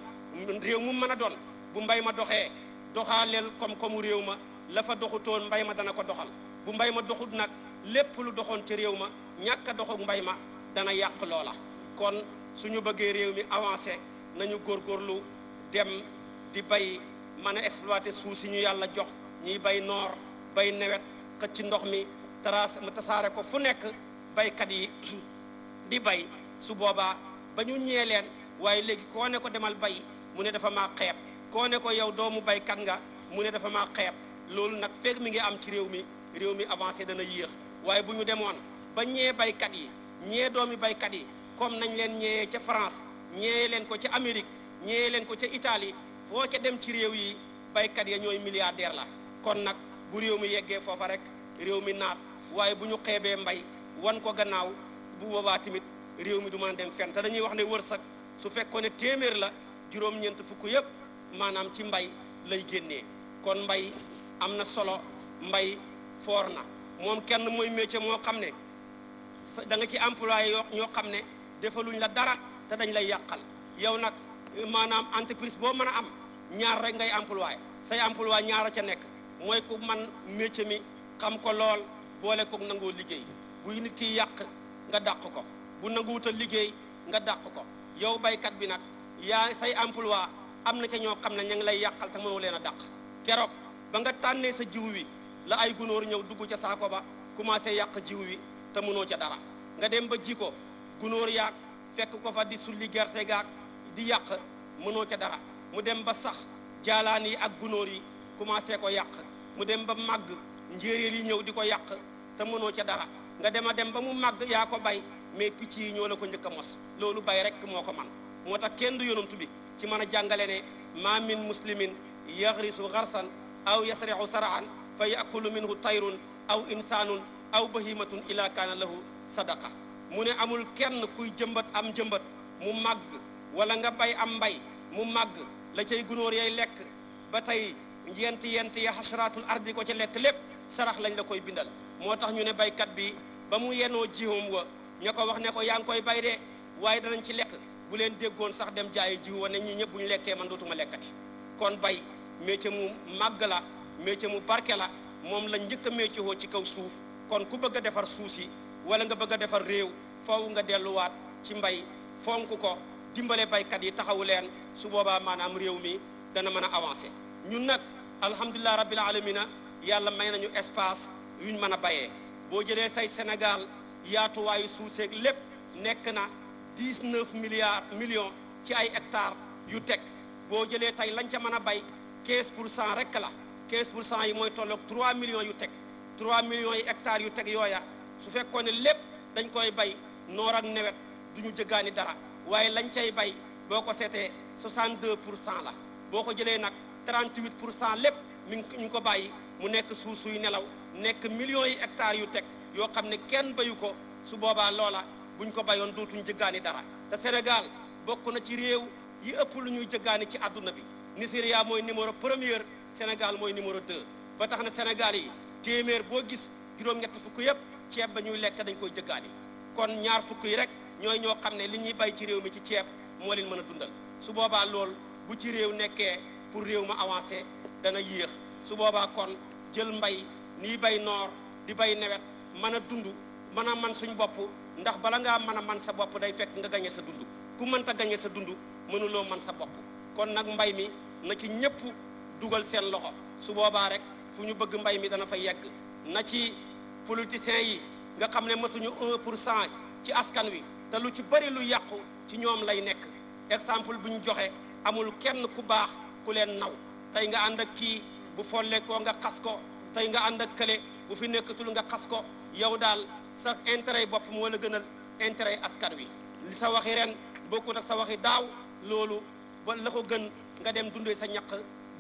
réew mu mën a doon bu mbay ma doxee doxaaleel koom-koomu réew ma lafa fa doxutoon mbay ma dana ko doxal bu mbay ma doxut nag lépp lu doxoon ci réew ma ñàkk a doxu mbay ma dana yàq loola kon suñu bëggee réew mi avancé nañu góor góorlu dem di bay mën a exploité suuf si ñu yàlla jox ñiy bay noor bay nawet xëcc ci ndox mi taraas tasaare ko fu nekk baykat yi di bay su boobaa ba ñu ñee leen waaye léegi koo ne ko demal bay mu ne dafa maa xeeb koo ko yow doomu baykat nga mu ne dafa maa xeeb loolu nag fekk mi ngi am ci réew mi réew mi avancé dana yéex waaye bu ñu demoon ba ñee baykat yi ñee doomi baykat yi comme nañ leen ñeeyee ca France ñeeyee leen ko ca Amérique ñeeyee leen ko ca itali foo ca dem ci réew yi baykat ya ñooy milliardaire la kon nag bu réew mi yeggee foofa rek réew mi naat waaye bu ñu xeebee mbay wan ko gannaaw bu boobaa tamit réew mi du mën a dem fenn te dañuy wax ne wërsëg su fekkoon ne téeméer la juróom-ñeent fukk yëpp maanaam ci mbay lay génnee kon mbay am na solo mbay foor na moom kenn mooy métier moo xam ne da nga ci employé yoo ñoo xam ne defaluñ la dara te dañ lay yàqal yow nag maanaam entreprise boo mën a am ñaar rek ngay employé say employé ñaar a ca nekk mooy ku man métier mi xam ko lool boole ko nangoo liggéey buy nit kiy yàq nga dàq ko bu nanguwut a liggéey nga dàq ko yow baykat bi nag yaa say emploi am na ca ñoo xam ne ña ngi lay yàqal te mënoo leen a dàq keroog ba nga tànnee sa jiw wi la ay gunóor ñëw dugg ca saako ba commencé yàq jiw wi te mënoo ca dara nga dem ba ji ko gunóor yaag fekk ko fa di sulli gerte gaag di yàq mënoo ca dara mu dem ba sax jaalaan yi ak gunóor yi commencé ko yàq mu dem ba màgg njéeréer yi ñëw di ko yàq te mënoo ca dara nga dem a dem ba mu màgg yaa ko bay mais picc yi ñoo la ko njëkk a mos loolu bay rek moo ko man moo tax kenn du yonantu bi ci mën a jàngale ne ma min muslimin yaxrisu xarsan aw yasriu saraan fa yakulu minhu tayrun aw insaanun aw bahimatun ila kaana lahu sadaqa mu ne amul kenn kuy jëmbat am jëmbat mu màgg wala nga bay am mbay mu màgg la cay gunóor yay lekk ba tey yent yent ya xasraatul ardi ko ci lekk lépp sarax lañ la koy bindal moo tax ñu ne baykat bi ba mu yenoo jiwam wa ña ko wax ne ko yaa ngi koy bay de waaye danañ ci lekk bu leen déggoon sax dem jaayi jiw wa ne ñii ñëpp bu ñu lekkee man dootuma lekkati kon bay métier mu màgg la métier mu barke la moom la njëkk a métier ci kaw suuf kon ku bëgg a defar suuf si wala nga bëgg a defar réew foofu nga delluwaat ci mbay fonk ko dimbale baykat yi taxawu leen su boobaa maanaam réew mi dana mën a avancer ñun nag alhamdulilah rabbil alamina yàlla may nañu espace yuñ mën a bayee boo jëlee tey Sénégal yaatuwaayu suuf lépp nekk na dix neuf milliards millions ci ay hectares yu teg boo jëlee tey lañ ca mën a bay quinze pour cent rek la quinze pour cent yi mooy tolloog trois millions yu teg trois millions yi hectares yu teg yooya su fekkoon ne lépp dañ koy bay noor ak nawet du ñu jëggaani dara waaye lañ cay bay boo ko seetee 62 pour cent la boo ko jëlee nag 38 pour cent lépp mi ñu ko bàyyi mu nekk suuf suy nelaw nekk millions yi hectares yu teg yoo xam ne kenn bayu ko su boobaa loola buñ ko bayoon dootuñ jëggaani dara te Sénégal bokk na ci réew yi ëpp lu ñuy jëggaani ci àdduna bi Nigéria mooy numéro premier Sénégal mooy numéro deux ba tax na Sénégal yi téeméer boo gis juróom-ñett fukk yëpp ceeb ba ñuy lekk dañ koy jëggaani kon ñaar fukk yi rek ñooy ñoo xam ne li ñuy bay ci réew mi ci ceeb moo leen mën a dundal su boobaa lool bu ci réew nekkee pour réew ma avancé dana yéex su boobaa kon jël mbay nii bay noor di bay nawet mën a dund mën a man suñ bopp ndax bala ngaa mën a man sa bopp day fekk nga gañe sa dund ku mënta gañe sa dund mënuloo man sa bopp kon nag mbay mi na ci ñëpp dugal seen loxo su boobaa rek fu ñu bëgg mbay mi dana fa yegg na ci politiciens yi nga xam ne matuñu 1 pour cent ci askan wi te lu ci bëri lu yàqu ci ñoom lay nekk exemple bu ñu joxe amul kenn ku baax ku leen naw tey nga ànd ak kii bu follee koo nga xas ko tey nga ànd ak kële bu fi nekkatul nga xas ko yow daal sa intérêt bopp moo la gënal intérêt askan wi li sa waxi ren bokkut ak sa waxi daaw loolu ba la ko gën nga dem dundee sa ñaq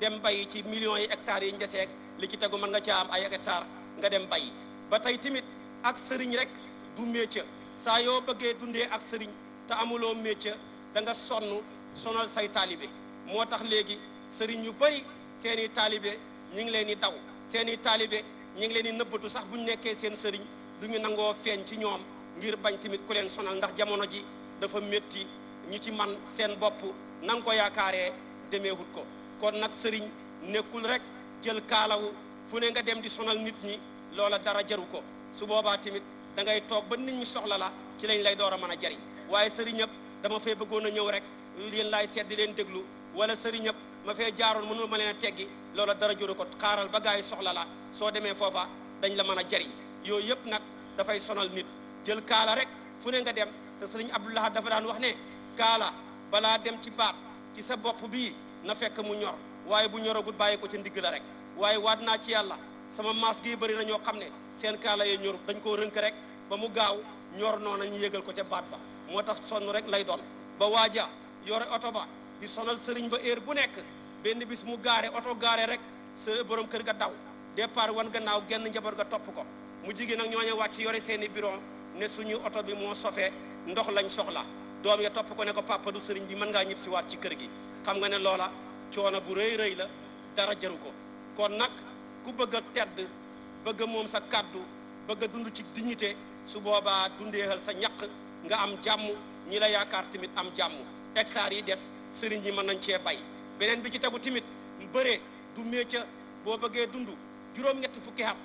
dem bay ci millions yi hectares yi ñu deseeg li ci tegu mën nga caa am ay hectares nga dem bay ba tey tamit ak sëriñ rek du métier saa yoo bëggee dundee ak sëriñ te amuloo métier da nga sonn sonal say taalibe moo tax léegi sëriñ yu bëri seeni taalibe ñu ngi leen di daw seen i taalibe ñu ngi leen di nëbbatu sax bu ñu nekkee seen sëriñ du ñu nangoo feeñ ci ñoom ngir bañ tamit ku leen sonal ndax jamono ji dafa métti ñi ci man seen bopp na nga ko yaakaaree demeewut ko kon nag sëriñ nekkul rek jël kaalawu fu ne nga dem di sonal nit ñi loola dara jaru ko su boobaa tamit da ngay toog ba nit ñi soxla la ci lañ lay door a mën a jariñ waaye sëriñ yëpp dama fay bëggoon a ñëw rek leen laay sedd leen déglu wala sëriñ ab ma fee jaaroon mënul ma leen a teggi loola dara juru ko xaaral ba gaa yi soxla la soo demee foofa dañ la mën a jariñ yooyu yëpp nag dafay sonal nit jël kaala rek fu ne nga dem te sëriñ Abdoulaye dafa daan wax ne kaala balaa dem ci baat ci sa bopp bi na fekk mu ñor waaye bu ñoragut bàyyi ko ci ndigg la rek waaye waat naa ci yàlla sama maas gi bëri na ñoo xam ne seen kaala yee ñor dañ koo rënk rek ba mu gaaw ñor noonu ñu yëgal ko ca baat moo tax sonn lay doon di sonal sëriñ ba heure bu nekk benn bis mu gaare oto gaare rek sa borom kër ga daw départ wan gannaaw genn njaboot ga topp ko mu jigéen nag ñooñu wàcc yore seen i bureau ne suñu oto bi moo sofee ndox lañ soxla doom ya topp ko ne ko papa du sëriñ bi mën ngaa ñëpp si waat ci kër gi xam nga ne loola coono bu rëy rëy la dara jaru ko kon nag ku bëgg a tedd bëgga moom sa kàddu bëgg dund ci dignité su boobaa dundeexal sa ñaq nga am jàmm ñii la yaakaar tamit am jàmm hectares yi des sëriñ yi mën nañ cee bay beneen bi ci tegu timit bëre du métier boo bëggee dund juróom-ñetti fukki at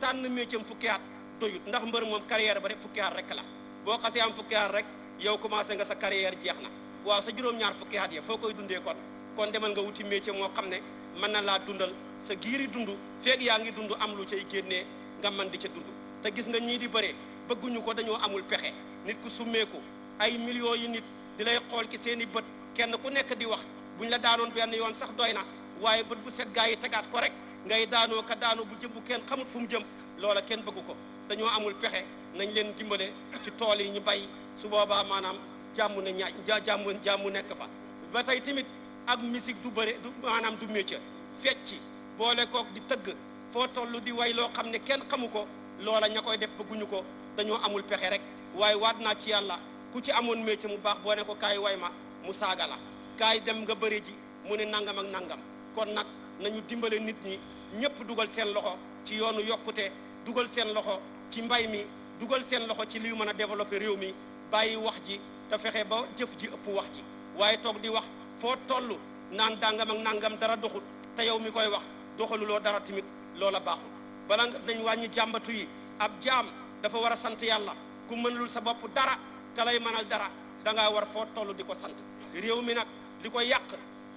tànn métier am fukki at doyut ndax mbër moom carrière ba rek fukki rek la boo xasee am fukki rek yow commencé nga sa carrière jeex na waaw sa juróom-ñaar fukki at ya foo koy dundee kon kon demal nga wuti métier moo xam ne mën na laa dundal sa giiri dund feeg yaa ngi dund am lu cay génnee nga mën di ca dund te gis nga ñii di bëre bëgguñu ko dañoo amul pexe nit ku summeeku ay millions yi nit di xool ci seen i bët kenn ku nekk di wax bu ñu la daanoon benn yoon sax doy na waaye bët bu set gaa yi tegaat ko rek ngay daanoo ka daanoo bu jëm bu kenn xamut fu mu jëm loola kenn bëggu ko dañoo amul pexe nañ leen dimbale ci tool yi ñu bay su boobaa maanaam jàmm ne ñaa jàmm jàmm nekk fa ba tey tamit ak musique du bëre du maanaam du métier fecci boole kook di tëgg foo toll di way loo xam ne kenn xamu ko loola ña koy def bëgguñu ko dañoo amul pexe rek waaye waat naa ci yàlla ku ci amoon métier mu baax boo ne ko kaay way ma mu saaga la kaay dem nga bëri ji mu ne nangam ak nangam kon nag nañu dimbale nit ñi ñëpp dugal seen loxo ci yoonu yokkute dugal seen loxo ci mbay mi dugal seen loxo ci liy mën a développer réew mi bàyyi wax ji te fexe ba jëf ji ëpp wax ji waaye toog di wax foo tollu naan dàngam nangam dara doxul te yow mi koy wax doxaluloo dara tamit loola baaxul bala nga dañ wàññi jàmbatu yi ab jaam dafa war a sant yàlla ku mënalul sa bopp dara te lay mënal dara da ngaa war foo toll di ko sant réew mi nag li ko yàq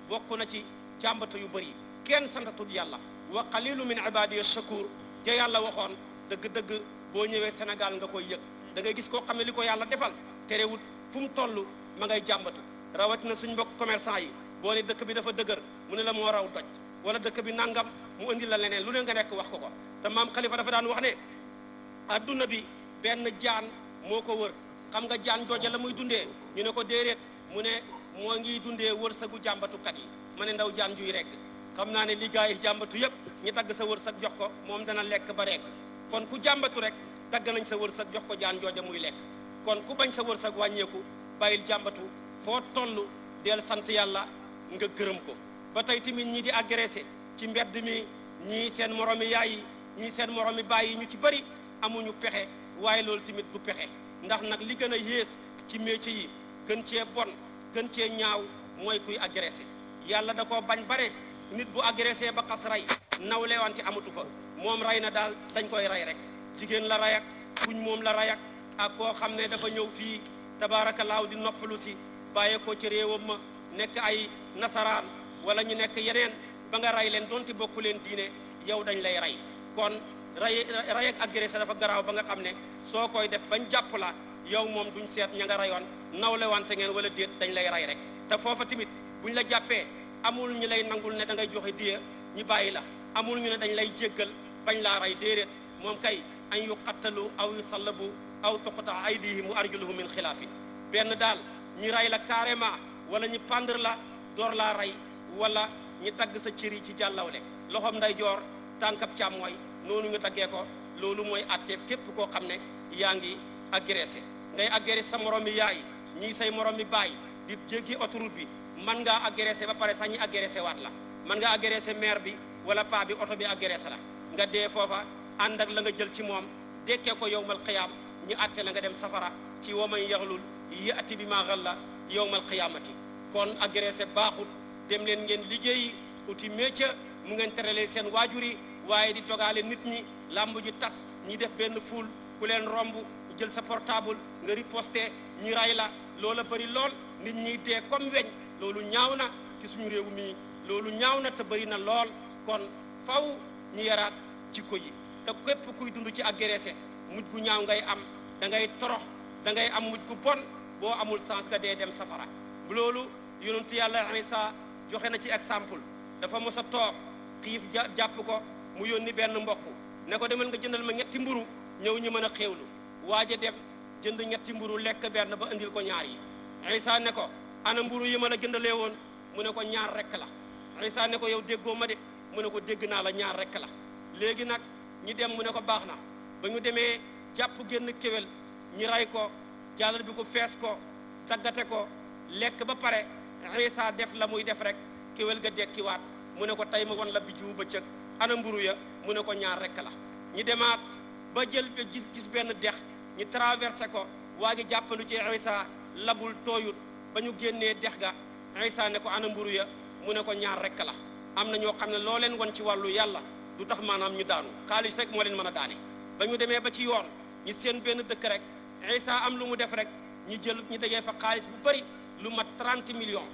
bokk na ci jàmbata yu bëri kenn santatut yàlla wa qalilu min ibadiya shakur ja yàlla waxoon dëgg-dëgg boo ñëwee Sénégal nga koy yëg da ngay gis koo xam ne li ko yàlla defal terewut fu mu toll ma ngay jàmbatu rawatina suñ mbokk commerçant yi boo ne dëkk bi dafa dëgër mu ne la moo raw doj wala dëkk bi nangam mu indi la leneen lu ne nga nekk wax ko ko te maam Khalifa dafa daan wax ne adduna bi benn jaan moo ko wër xam nga jaan jooja la muy dundee ñu ne ko déeréet mu ne moo ngi dundee wërsëgu kat yi ma ne ndaw jaan juy rekk xam naa ne li gaa yi jàmbatu yëpp ñu dagg sa wërsëg jox ko moom dana lekk ba rekk kon ku jàmbatu rek dagg nañ sa wërsëg jox ko jaan jooja muy lekk kon ku bañ sa wërsëg wàññeeku bàyyil jàmbatu foo toll del sant yàlla nga gërëm ko ba tey tamit ñii di agressé ci mbedd mi ñii seen moromi yaay yi ñii seen moromi baay yi ñu ci bëri amuñu pexe waaye loolu tamit du pexe ndax nag li gën a yées ci métier yi gën cee bon gën cee ñaaw mooy kuy agressé yàlla da ko bañ bare nit bu agressé ba xas rey ci amatu fa moom rey na daal dañ koy rey rek jigéen la rey ak kuñ moom la rey ak ak koo xam ne dafa ñëw fii tabaarakallaahu di noppalu si bàyyeekoo ci réewam ma nekk ay nasaraan wala ñu nekk yeneen ba nga rey leen donte bokk leen diine yow dañ lay rey kon ray ray ak agressé dafa garaaw ba nga xam ne soo koy def bañ jàpp la yow moom duñ seet ña nga rayoon nawle wante ngeen wala déet dañ lay ray rek te foofa tamit buñ la jàppee amul ñu lay nangul ne da ngay joxe diya ñi bàyyi la amul ñu ne dañ lay jéggal bañ laa rey déedéet moom kay añ yu qattalu aw yu sallabu aw tuqta aydihim wa arjuluhum min xilaafi benn daal ñi rey la carrément wala ñi pendre la door laa rey wala ñi dagg sa cër yi ci jàllawle loxoom nday joor tànkab càmmooy noonu ñu taggee ko loolu mooy àtte képp koo xam ne yaa ngi agressé ngay agressé sa morom mi yaay ñii say moroom mi baay di jéggi autoroute bi man ngaa agressé ba pare sax ñi agressé waat la man ngaa agressé maire bi wala paa bi oto bi agressé la nga dee foofa ànd ak la nga jël ci moom dekkee ko yowmal qiyaam ñu àtte la nga dem safara ci waman yaxlul yati bi la xalla yowmal qiyaamati kon agressé baaxut dem leen ngeen liggéeyi uti métier mu ngeen teralee seen waajur yi waaye di dogaale nit ñi làmb ji tas ñi def benn fuul ku leen romb jël sa portable nga riposté ñi ray la lool a bëri lool nit ñiy dee comme weñ loolu ñaaw na ci suñu réew mii loolu ñaaw na te bëri na lool kon faw ñi yaraat ko yi te képp kuy dund ci agressé mujj gu ñaaw ngay am da ngay torox da ngay am mujj gu bon boo amul sens nga dee dem safara bu loolu yonentu yàlla Isa joxe na ci exemple dafa mos a toog xiif jàpp ko mu yónni benn mbokk ne ko demal nga jëndal ma ñetti mburu ñëw ñu mën a xéewlu waaja dem jënd ñetti mburu lekk benn ba indil ko ñaar yi Isa ne ko ana mburu yi ma la jëndalee woon mu ne ko ñaar rekk la Isa ne ko yow déggoo ma de mu ne ko dégg naa la ñaar rekk la léegi nag ñi dem mu ne ko baax na ba ñu demee jàpp génn kéwél ñi ray ko jàllal bi ko fees ko daggate ko lekk ba pare Isa def la muy def rek kéwél ga dekkiwaat mu ne ko tey ma won la bi juu bëccëg ana mburu ya mu ne ko ñaar rek la ñu demaat ba jël ba gis benn dex ñu traversé ko waa gi jàppandu ci Isa labul tooyut ba ñu génnee dex ga Isa ne ko ana mburu ya mu ne ko ñaar rek la am na ñoo xam ne loo leen won ci wàllu yàlla du tax maanaam ñu daanu xaalis rek moo leen mën a daane ba ñu demee ba ci yoon ñu seen benn dëkk rek Isa am lu mu def rek ñu jël ñu dajee fa xaalis bu bëri lu mat trente million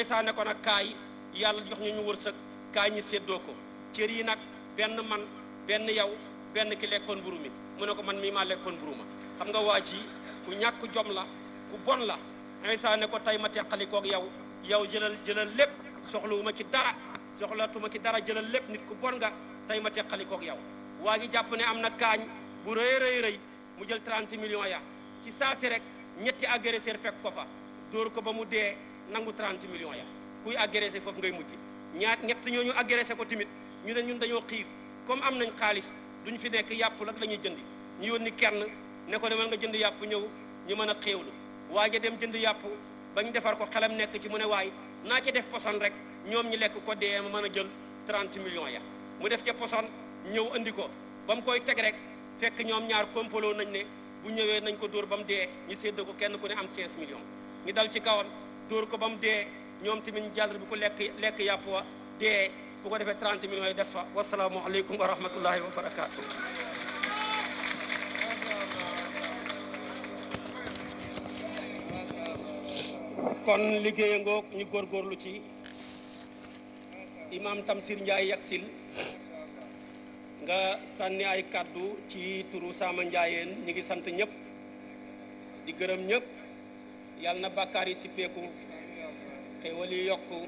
Isa ne ko nag kaay yàlla jox ñu ñu wërsëg kaay ñi séddoo ko cër yi nag benn man benn yow benn ki lekkoon mburu mi mu ne ko man mii maa lekkoon mburu xam nga waa ji ku ñàkk jom la ku bon la Iisaa ko tey ma teqali koog yow yow jëlal jëlal lépp soxla soxlawuma ci dara soxlatuma ci dara jëlal lépp nit ku bon nga tey ma teqali koog yow waa ji jàpp ne am na kaañ bu rëy rëy mu jël trente millions ya ci saasi rek ñetti agresseur fekk ko fa dóor ko ba mu dee nangu trente millions ya kuy agressé foofu ngay mujj ñaar ñett ñooñu agressé ko tamit ñu ne ñun dañoo xiif comme am nañ xaalis duñ fi nekk yàpp nag lañuy jënd jëndi ñu yónni kenn ne ko demal nga jënd yàpp ñëw ñu mën a xéewlu waaye dem jënd yàpp bañ defar ko xelam nekk ci mu ne waay naa ci def poson rek ñoom ñi lekk ko dee ma mën a jël 30 millions ya mu def ca poson ñëw andi ko ba mu koy teg rek fekk ñoom ñaar kompaloo nañ ne bu ñëwee nañ ko dóor ba mu dee ñu sédd ko kenn ku ne am 15 millions ñu dal ci kawam dóor ko ba mu dee ñoom tamit ñu jàll bi ko lekk lekk yàpp wa dee bu ko defee 30 millions yi des fa wasalaamualeykum wa rahmatullahi wa barakaatu. kon liggéeya ngoog ñu góorgóorlu ci imaam Tamsir Ndiaye Yaksil nga sànni ay kàddu ci turu Sama Ndiayeen ñi ngi sant ñëpp di gërëm ñépp yàlla na bàkkaar yi sippeeku xéwal yi yokku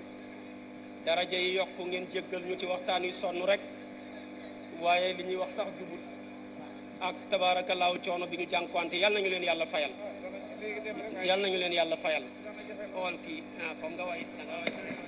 daraja yi yokk ngeen jéggal ñu ci waxtaan wi sonn rek waaye li ñuy wax sax jubut ak tabaarakallaahu coono bi ñu jànkuwante yal nañu leen yàlla fayal yal nañu leen yàlla fayal xool ah,